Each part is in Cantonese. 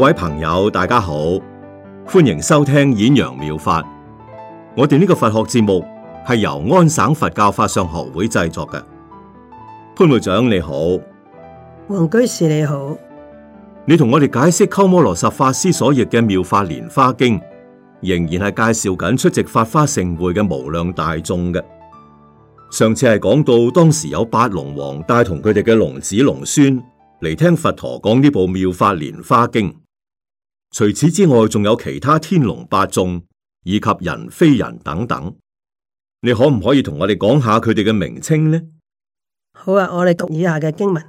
各位朋友，大家好，歡迎收聽演陽妙，妙法。我哋呢個佛學節目係由安省佛教法上學會製作嘅。潘會長你好，黃居士你好，你同我哋解釋鳩摩羅什法師所譯嘅《妙法蓮花經》，仍然係介紹緊出席法花盛會嘅無量大眾嘅。上次係講到當時有八龍王帶同佢哋嘅龍子龍孫嚟聽佛陀講呢部《妙法蓮花經》。除此之外，仲有其他天龍八眾以及人非人等等，你可唔可以同我哋講下佢哋嘅名稱呢？好啊，我哋讀以下嘅經文：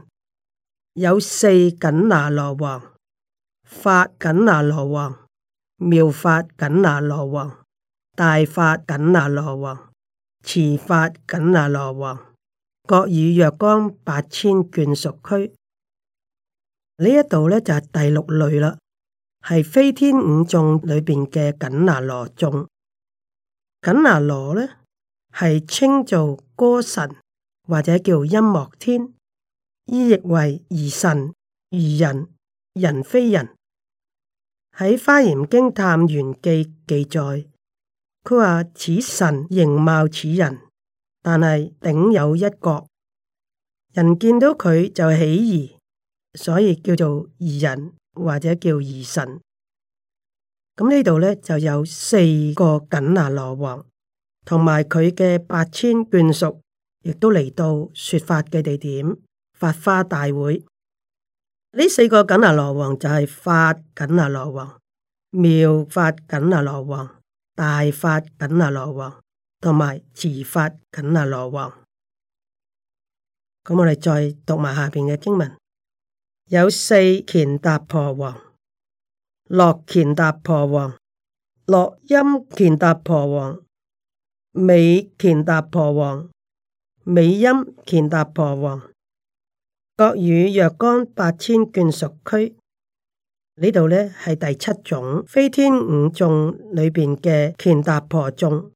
有四緊那羅王、法緊那羅王、妙法緊那羅王、大法緊那羅王、持法緊那羅王，各與若干八千眷屬區。呢一度咧就係、是、第六類啦。係飛天五眾裏邊嘅緊那羅眾，緊那羅呢係稱做歌神，或者叫音樂天，意譯為疑神、疑人、人非人。喺《華嚴經探玄記》記載，佢話，此神形貌似人，但係頂有一角，人見到佢就起疑，所以叫做疑人。或者叫二神，咁呢度咧就有四個緊那羅王，同埋佢嘅八千眷屬，亦都嚟到說法嘅地點法花大會。呢四個緊那羅王就係法緊那羅王、妙法緊那羅王、大法緊那羅王，同埋慈法緊那羅王。咁我哋再讀埋下邊嘅經文。有四乾闼婆王，樂乾闼婆王，樂音乾闼婆王，美乾闼婆王，美音乾闼婆王。各與若干八千眷屬俱，呢度呢係第七種飛天五眾裏邊嘅乾闼婆眾。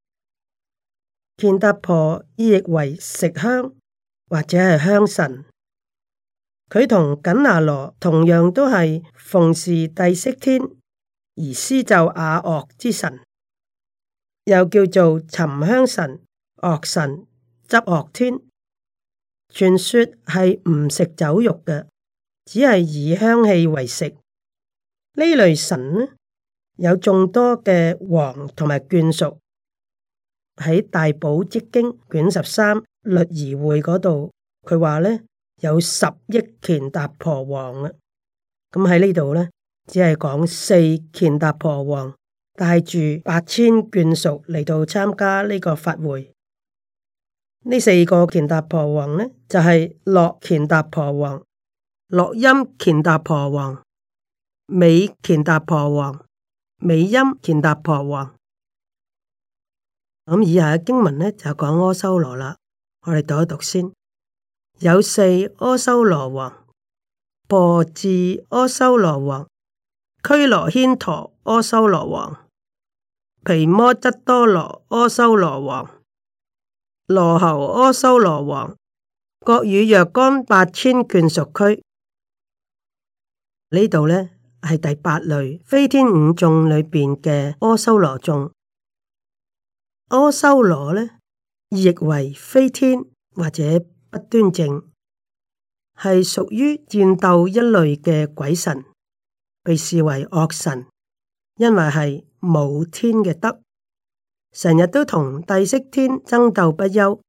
乾闼婆意為食香或者係香神。佢同緊那羅同樣都係奉事帝釋天而施奏雅樂之神，又叫做沉香神、樂神、執樂天。傳說係唔食酒肉嘅，只係以香氣為食。呢類神呢，有眾多嘅王同埋眷屬。喺《大寶積經》卷十三律儀會嗰度，佢話呢。有十億乾達婆王啦，咁喺呢度呢，只係講四乾達婆王帶住八千眷屬嚟到參加呢個法會。呢四個乾達婆王呢，就係、是、樂乾達婆王、樂音乾達婆王、美乾達婆王、美音乾達婆王。咁以下嘅經文呢，就講阿修羅啦，我哋讀一讀先。有四阿修羅王，婆稚阿修羅王，佉羅騫馱阿修羅王，毘摩質多羅阿修羅王，羅睺阿修羅王，各與若干八千眷屬俱。呢度呢係第八類非天五眾裏邊嘅阿修羅眾，阿修羅呢，譯為非天或者，不端正，係屬於戰鬥一類嘅鬼神，被視為惡神，因為係無天嘅德，成日都同帝釋天爭鬥不休。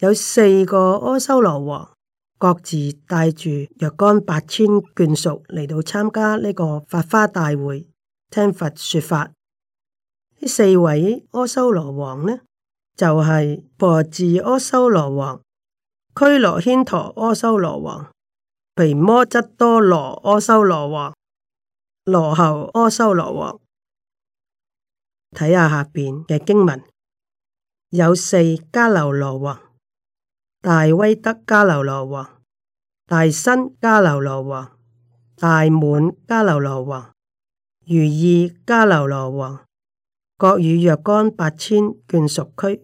有四個阿修羅王，各自帶住若干百千眷屬嚟到參加呢個法花大會，聽佛說法。呢四位阿修羅王呢？就係婆稚阿修羅王、佉羅騫馱阿修羅王、毘摩質多羅阿修羅王、羅睺阿修羅王。睇下下邊嘅經文，有四迦樓羅王、大威德迦樓羅王、大身迦樓羅王、大滿迦樓羅王、如意迦樓羅王，各與若干八千眷屬俱。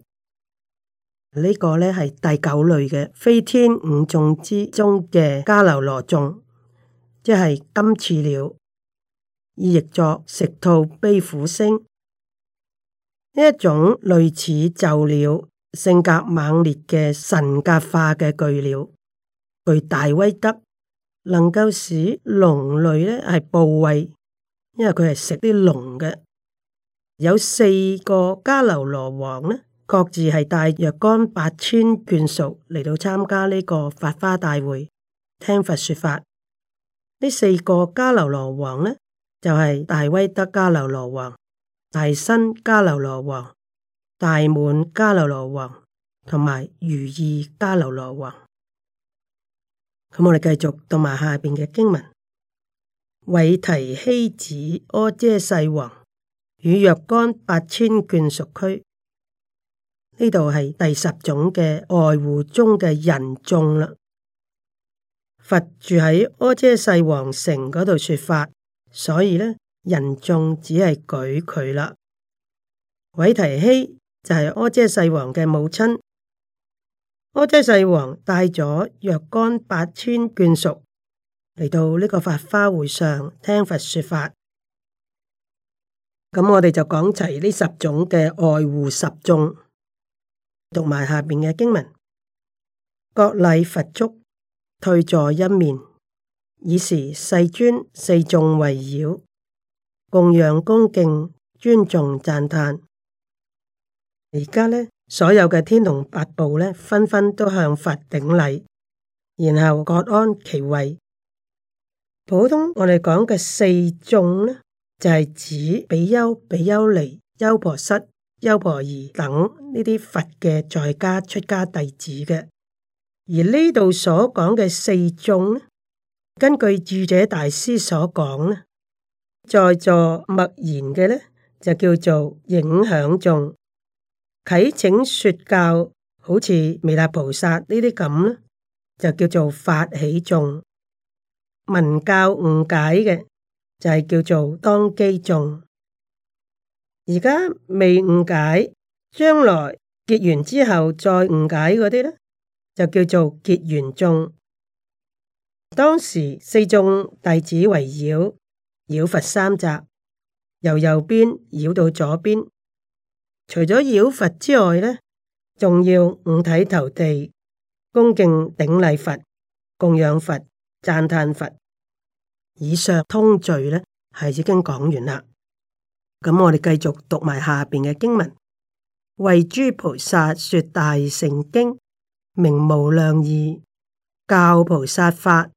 呢個呢係第九類嘅飛天五眾之中嘅加流羅眾，即係金翅鳥，意譯作食兔悲苦聲，一種類似鷲鳥、性格猛烈嘅神格化嘅巨鳥，具大威德，能夠使龍類呢係怖畏，因為佢係食啲龍嘅，有四個加流羅王呢。各自係帶若干百千眷屬嚟到參加呢個法花大會，聽佛說法。呢四個迦樓羅王呢，就係、是、大威德迦樓羅王、大身迦樓羅王、大滿迦樓羅王同埋如意迦樓羅王。咁我哋繼續讀埋下邊嘅經文：韋提希子阿闍世王與若干百千眷屬俱。呢度係第十種嘅外護中嘅人眾啦。佛住喺柯遮世王城嗰度說法，所以咧，人眾只係舉佢啦。韋提希就係阿闍世王嘅母親，阿闍世王帶咗若干百千眷屬嚟到呢個法花會上聽佛說法。咁我哋就講齊呢十種嘅外護十眾。讀埋下面嘅經文，各禮佛足，退坐一面，以時世尊四眾圍繞，供養恭敬尊重讚嘆。而家呢，所有嘅天龍八部呢，紛紛都向佛頂禮，然後各安其位。普通我哋講嘅四眾呢，就係、是、指比丘、比丘尼、優婆塞。優婆夷等呢啲佛嘅在家出家弟子嘅，而講呢度所講嘅四眾根據智者大師所講呢，在座默然嘅呢，就叫做影響眾；啟請說教，好似彌勒菩薩呢啲咁呢，就叫做發起眾；聞教誤解嘅，就係叫做當機眾。而家未誤解，將來結緣之後再誤解嗰啲咧，就叫做結緣眾。當時四眾弟子圍繞繞佛三匝，由右邊繞到左邊，除咗繞佛之外咧，仲要五體投地、恭敬頂禮佛、供養佛、讚歎佛，以上通序咧係已經講完啦。咁我哋繼續讀埋下邊嘅經文，為諸菩薩說大乘經，名無量義，教菩薩法，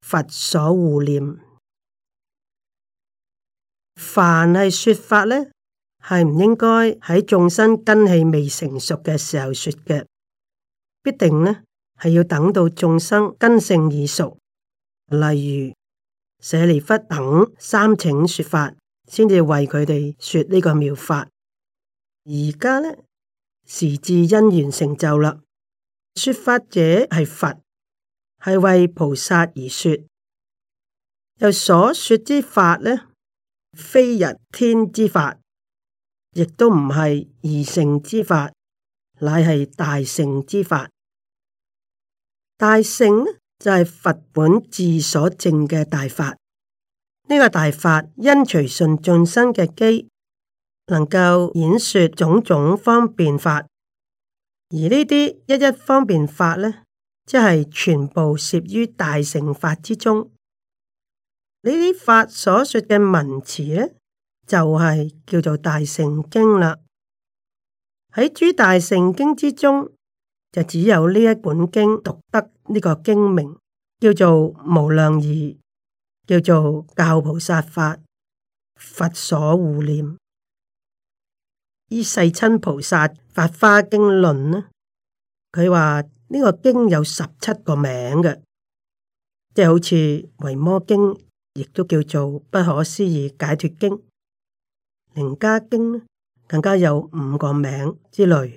佛所護念。凡係說法呢，係唔應該喺眾生根器未成熟嘅時候說嘅，必定呢，係要等到眾生根性已熟。例如舍利弗等三請說法。先至為佢哋說呢個妙法，而家呢，時至因緣成就啦。說法者係佛，係為菩薩而說。又所說之法呢，非人天之法，亦都唔係二乘之法，乃係大乘之法。大乘呢，就係、是、佛本自所證嘅大法。呢個大法因隨順眾生嘅機，能夠演說種種方便法，而呢啲一一方便法咧，即係全部攝於大乘法之中。呢啲法所說嘅文詞咧，就係叫做大乘經啦。喺諸大乘經之中，就只有呢一本經讀得呢個經名叫做無量義。叫做教菩薩法，佛所護念。依世親菩薩法華經論呢，佢話呢個經有十七個名嘅，即係好似維摩經，亦都叫做不可思議解脫經、楞伽經更加有五個名之類。呢、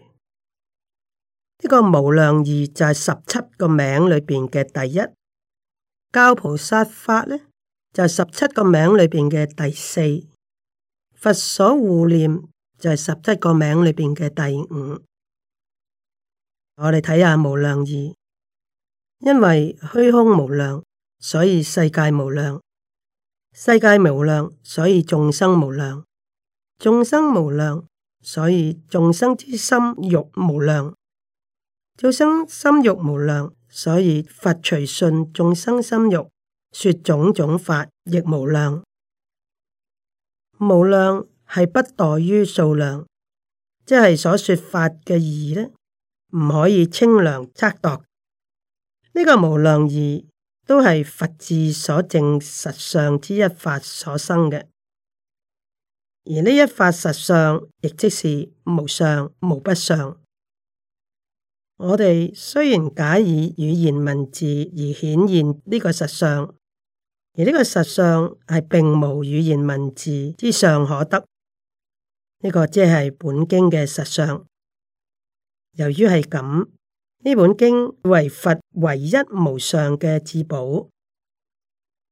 這個無量義就係、是、十七個名裏邊嘅第一教菩薩法呢。就係十七個名裏面嘅第四，佛所護念就係十七個名裏面嘅第五。我哋睇下無量義，因為虛空無量，所以世界無量；世界無量，所以眾生無量；眾生無量，所以眾生之心欲無量；眾生心欲無量，所以佛隨信，眾生心欲。說種種法亦無量，無量係不待於數量，即係所說法嘅義呢，唔可以稱量測度。呢、這個無量義都係佛智所證實相之一法所生嘅，而呢一法實相亦即是無相、無不相。我哋雖然假以語言文字而顯現呢個實相。而呢個實相係並無語言文字之上可得，呢、呢個即係本經嘅實相。由於係咁，呢本經為佛唯一無上嘅至寶，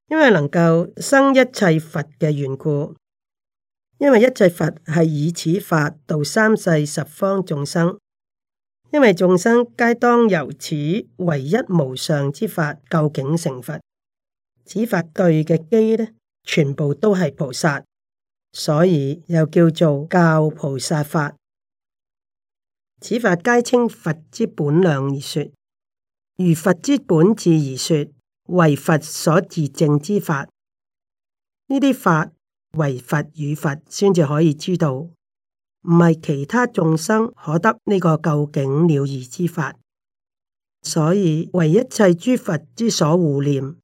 因為能夠生一切佛嘅緣故。因為一切佛係以此法度三世十方眾生，因為眾生皆當由此唯一無上之法究竟成佛。此法對嘅機呢，全部都係菩薩，所以又叫做教菩薩法。此法皆稱佛之本量而說，如佛之本智而說，為佛所自證之法。呢啲法為佛與佛先至可以知道，唔係其他眾生可得呢個究竟了義之法。所以為一切諸佛之所護念。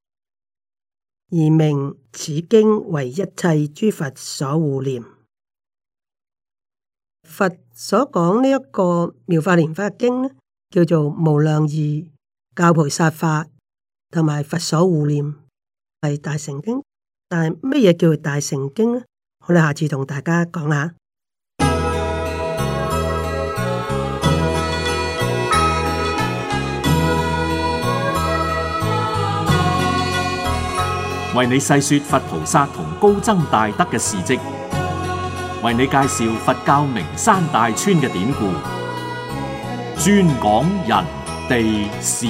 而名此經為一切諸佛所護念，佛所講呢一個妙法蓮華經咧，叫做無量義教菩薩法，同埋佛所護念係大乘經。但係乜嘢叫大乘經咧？我哋下次同大家講下。為你細說佛菩薩同高僧大德嘅事跡，為你介紹佛教名山大川嘅典故，專講人地事。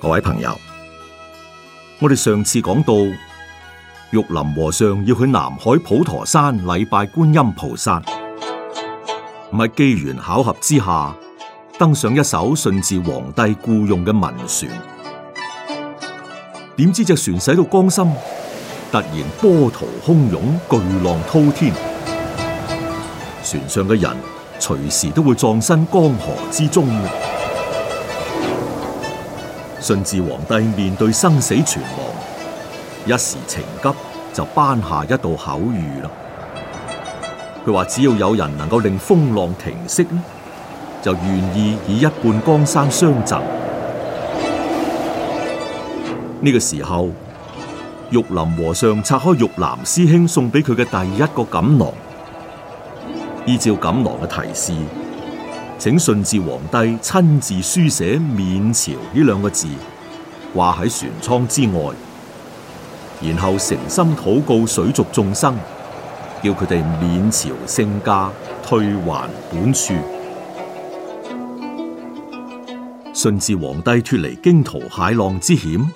各位朋友，我哋上次講到玉林和尚要去南海普陀山禮拜觀音菩薩。唔係機緣巧合之下登上一艘順治皇帝僱用嘅民船，點知隻船駛到江心，突然波濤洶湧、巨浪滔天，船上嘅人隨時都會葬身江河之中。順治皇帝面對生死存亡，一時情急就頒下一道口諭啦。佢話只要有人能夠令風浪停息，就願意以一半江山相贈。呢個時候，玉林和尚拆開玉南師兄送俾佢嘅第一個錦囊，依照錦囊嘅提示，請順治皇帝親自書寫“面朝”呢兩個字，掛喺船艙之外，然後誠心禱告水族眾生。叫佢哋面朝聖駕，退還本處。順治皇帝脫離驚濤駭浪之險，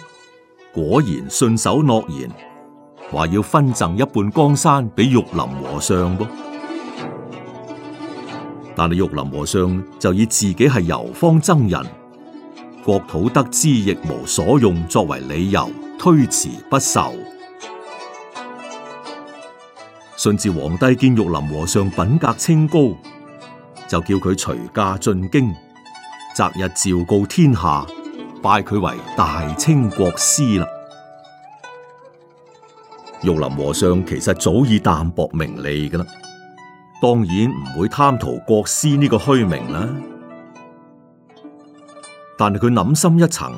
果然信守諾言，話要分贈一半江山俾玉林和尚噃。但係玉林和尚就以自己係遊方僧人，國土得之亦無所用作為理由，推辭不受。順治皇帝見玉林和尚品格清高，就叫佢隨駕進京，擇日昭告天下，拜佢為大清國師啦。玉林和尚其實早已淡泊名利噶啦，當然唔會貪圖國師呢個虛名啦。但係佢諗深一層，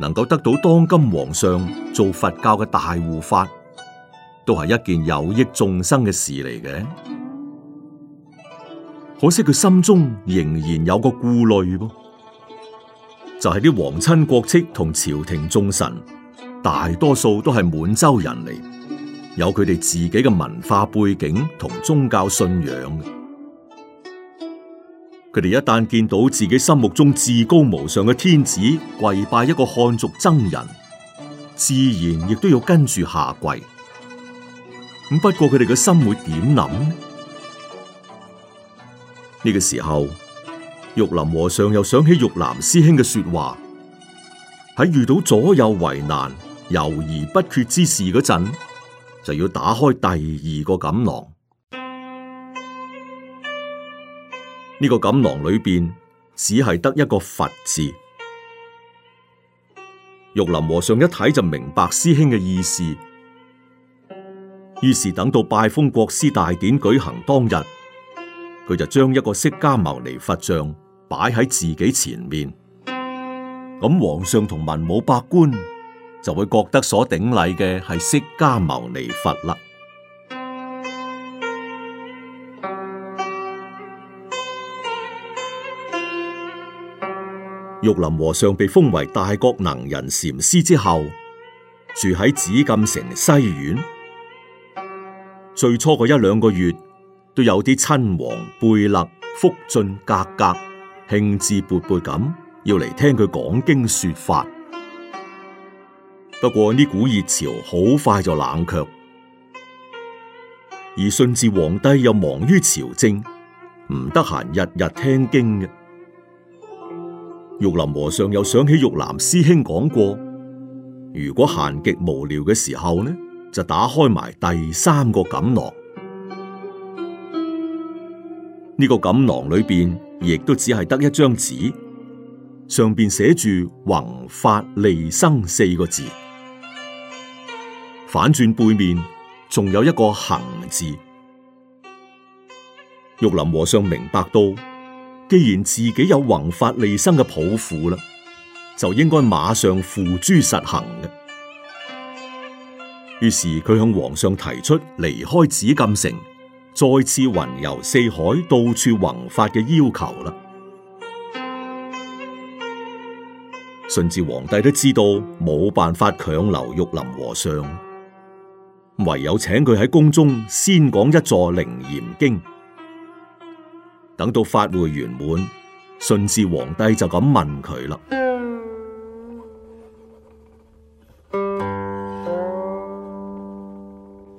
能夠得到當今皇上做佛教嘅大護法，都係一件有益眾生嘅事嚟嘅，可惜佢心中仍然有個顧慮噃，就係啲皇親國戚同朝廷重臣，大多數都係滿洲人嚟，有佢哋自己嘅文化背景同宗教信仰。佢哋一旦見到自己心目中至高無上嘅天子跪拜一個漢族僧人，自然亦都要跟住下跪。咁不過佢哋嘅心會點諗呢？呢個時候，玉林和尚又想起玉南師兄嘅說話，喺遇到左右為難、猶豫不決之事嗰陣，就要打開第二個錦囊。呢個錦囊裏邊只係得一個佛字。玉林和尚一睇就明白師兄嘅意思。於是等到拜封國師大典舉行當日，佢就將一個釋迦牟尼佛像擺喺自己前面，咁皇上同文武百官就會覺得所頂禮嘅係釋迦牟尼佛啦。玉林和尚被封為大國能人禪師之後，住喺紫禁城西苑。最初嗰一兩個月都有啲親王、貝勒、福晉、格格，興致勃勃咁要嚟聽佢講經說法。不過呢股熱潮好快就冷卻，而順治皇帝又忙於朝政，唔得閒日日聽經。玉林和尚又想起玉林師兄講過，如果閒極無聊嘅時候呢，就打開埋第三個錦囊，呢個錦囊裏邊亦都只係得一張紙，上邊寫住弘法利生四個字，反轉背面仲有一個行字。玉林和尚明白到，既然自己有弘法利生嘅抱負啦，就應該馬上付諸實行嘅。於是佢向皇上提出離開紫禁城，再次雲遊四海，到處弘法嘅要求啦。順治皇帝都知道冇辦法強留玉林和尚，唯有請佢喺宮中先講一座《楞嚴經》，等到法會圓滿，順治皇帝就咁問佢啦。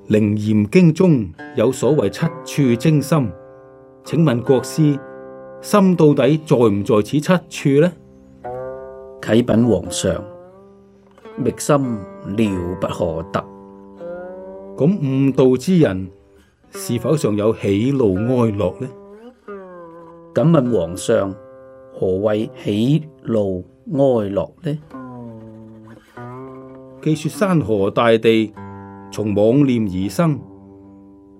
《楞嚴經》中有所謂七處徵心，請問國師心到底在唔在此七處呢？啟稟皇上，覓心了不可得。咁悟道之人是否尚有喜怒哀樂呢？敢問皇上何謂喜怒哀樂呢？據說山河大地。從妄念而生，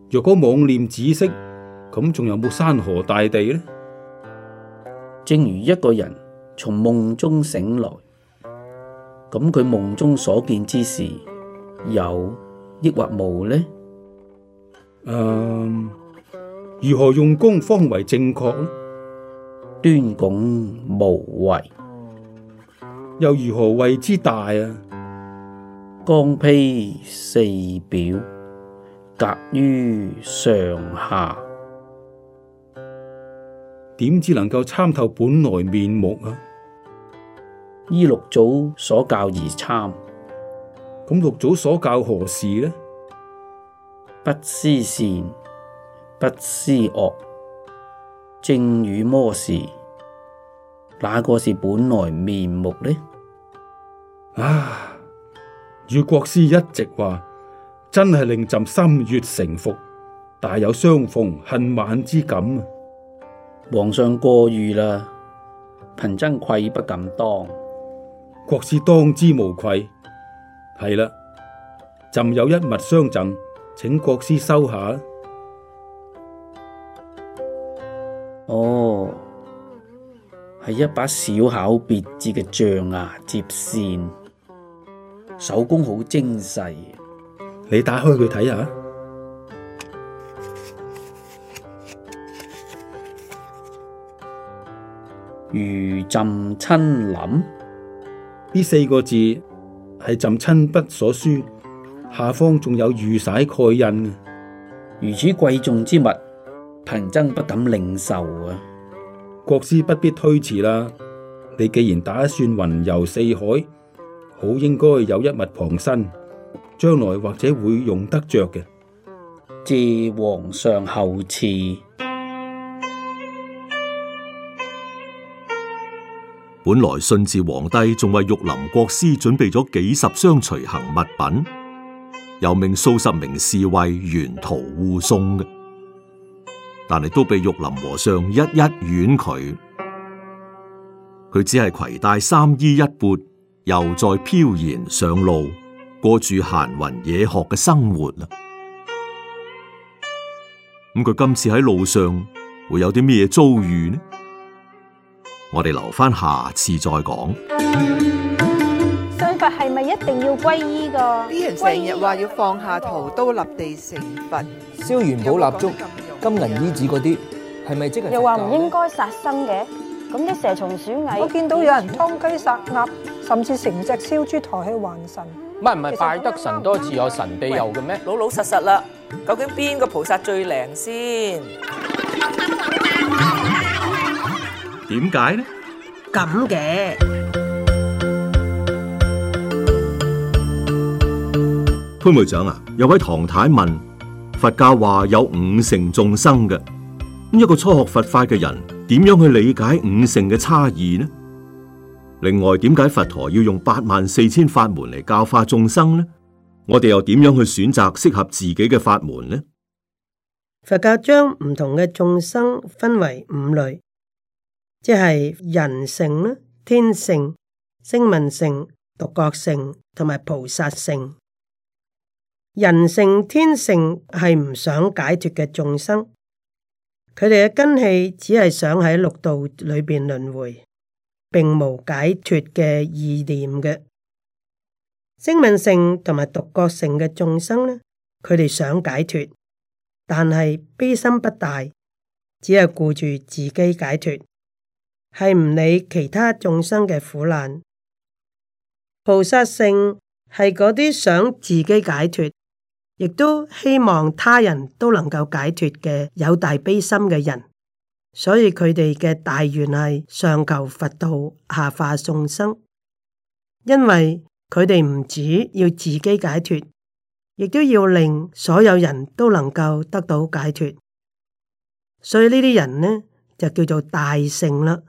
若果妄念止息，咁仲有冇山河大地呢？正如一個人從夢中醒來，咁佢夢中所見之事有抑或無呢？嗯，如何用功方為正確？端拱無為，又如何謂之大啊？光披四表，隔於上下，點知能夠參透本來面目啊？依六祖所教而參，咁六祖所教何事呢？不思善，不思惡，正與魔事，哪個是本來面目呢？啊！與國師一直話，真係令朕心悦誠服，大有相逢恨晚之感。皇上過譽啦，貧僧愧不敢當。國師當之無愧。係啦，朕有一物相贈，請國師收下。哦，係一把小巧別致嘅象牙、啊、折扇。手工好精細，你打開佢睇下。如朕親臨，呢四個字係朕親筆所書，下方仲有御璽蓋印。如此貴重之物，貧僧不敢領受啊！國師不必推辭啦，你既然打算雲遊四海。好應該有一物傍身，將來或者會用得着嘅。謝皇上厚賜。本來順治皇帝仲為玉林國師準備咗幾十箱隨行物品，又命數十名侍衛沿途護送嘅，但係都被玉林和尚一一婉拒。佢只係攜帶三衣一缽。又再飄然上路，過住閒雲野鶴嘅生活啦。咁佢今次喺路上會有啲咩遭遇呢？我哋留翻下,下次再講。修法係咪一定要皈依㗎？啲人成日話要放下屠刀立地成佛，燒元寶蠟燭、金銀衣紙嗰啲，係咪、嗯、即係？又話唔應該殺生嘅，咁啲、嗯、蛇蟲鼠蟻，我見到有人劏、嗯、雞殺鴨。甚至成隻燒豬抬起還神，唔係唔係，拜得神多自有神庇佑嘅咩？老老實實啦，究竟邊個菩薩最靈先？點解呢？咁嘅潘會長啊，有位唐太太問佛教話有五乘眾生嘅，一個初學佛法嘅人，點樣去理解五乘嘅差異呢？另外，點解佛陀要用八萬四千法門嚟教化眾生呢？我哋又點樣去選擇適合自己嘅法門呢？佛教將唔同嘅眾生分為五類，即係人乘啦、天乘、聲聞乘、獨覺乘同埋菩薩乘。人乘、天乘係唔想解脫嘅眾生，佢哋嘅根器只係想喺六道裏邊輪迴。並無解脱嘅意念嘅。聲聞性同埋獨覺性嘅眾生呢，佢哋想解脱，但係悲心不大，只係顧住自己解脱，係唔理其他眾生嘅苦難。菩薩性係嗰啲想自己解脱，亦都希望他人都能夠解脱嘅有大悲心嘅人。所以佢哋嘅大願係上求佛道，下化眾生。因為佢哋唔止要自己解脱，亦都要令所有人都能夠得到解脱。所以呢啲人呢就叫做大聖啦。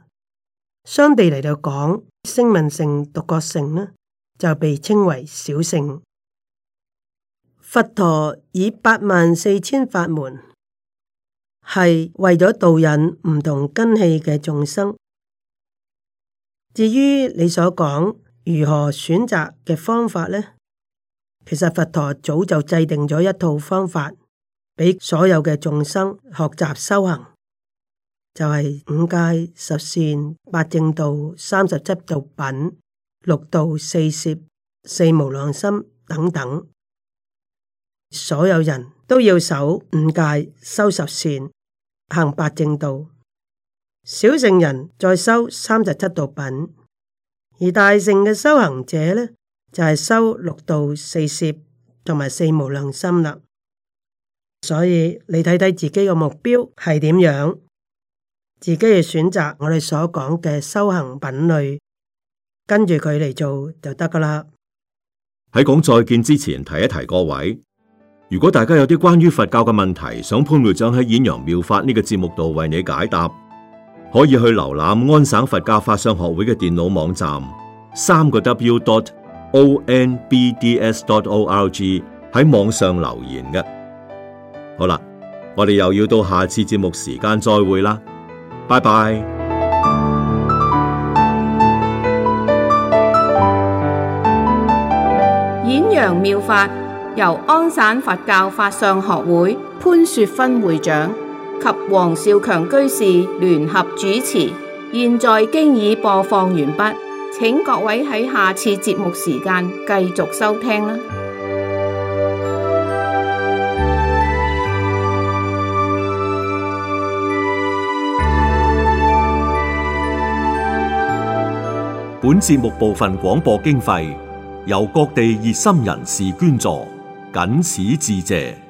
相對嚟到講，聲聞聖、獨覺聖呢，就被稱為小聖。佛陀以八萬四千法門。係為咗導引唔同根器嘅眾生。至於你所講如何選擇嘅方法呢？其實佛陀早就制定咗一套方法，俾所有嘅眾生學習修行，就係、是、五戒、十善、八正道、三十七道品、六度、四攝、四無量心等等，所有人都要守五戒、修十善。行八正道，小聖人再修三十七道品，而大聖嘅修行者呢，就係、是、修六度四攝同埋四無量心啦。所以你睇睇自己嘅目標係點樣，自己去選擇我哋所講嘅修行品類，跟住佢嚟做就得噶啦。喺講再見之前，提一提各位。如果大家有啲關於佛教嘅問題，想潘會長喺《演揚妙法》呢、這個節目度為你解答，可以去瀏覽安省佛教法相學會嘅電腦網站，三個 w.dot.onbds.dot.org 喺網上留言嘅。好啦，我哋又要到下次節目時間再會啦，拜拜。演揚妙法，由安省佛教法相學會潘雪芬會長及黃少強居士聯合主持，現在經已播放完畢，請各位喺下次節目時間繼續收聽啦。本節目部分廣播經費由各地熱心人士捐助。僅此致謝。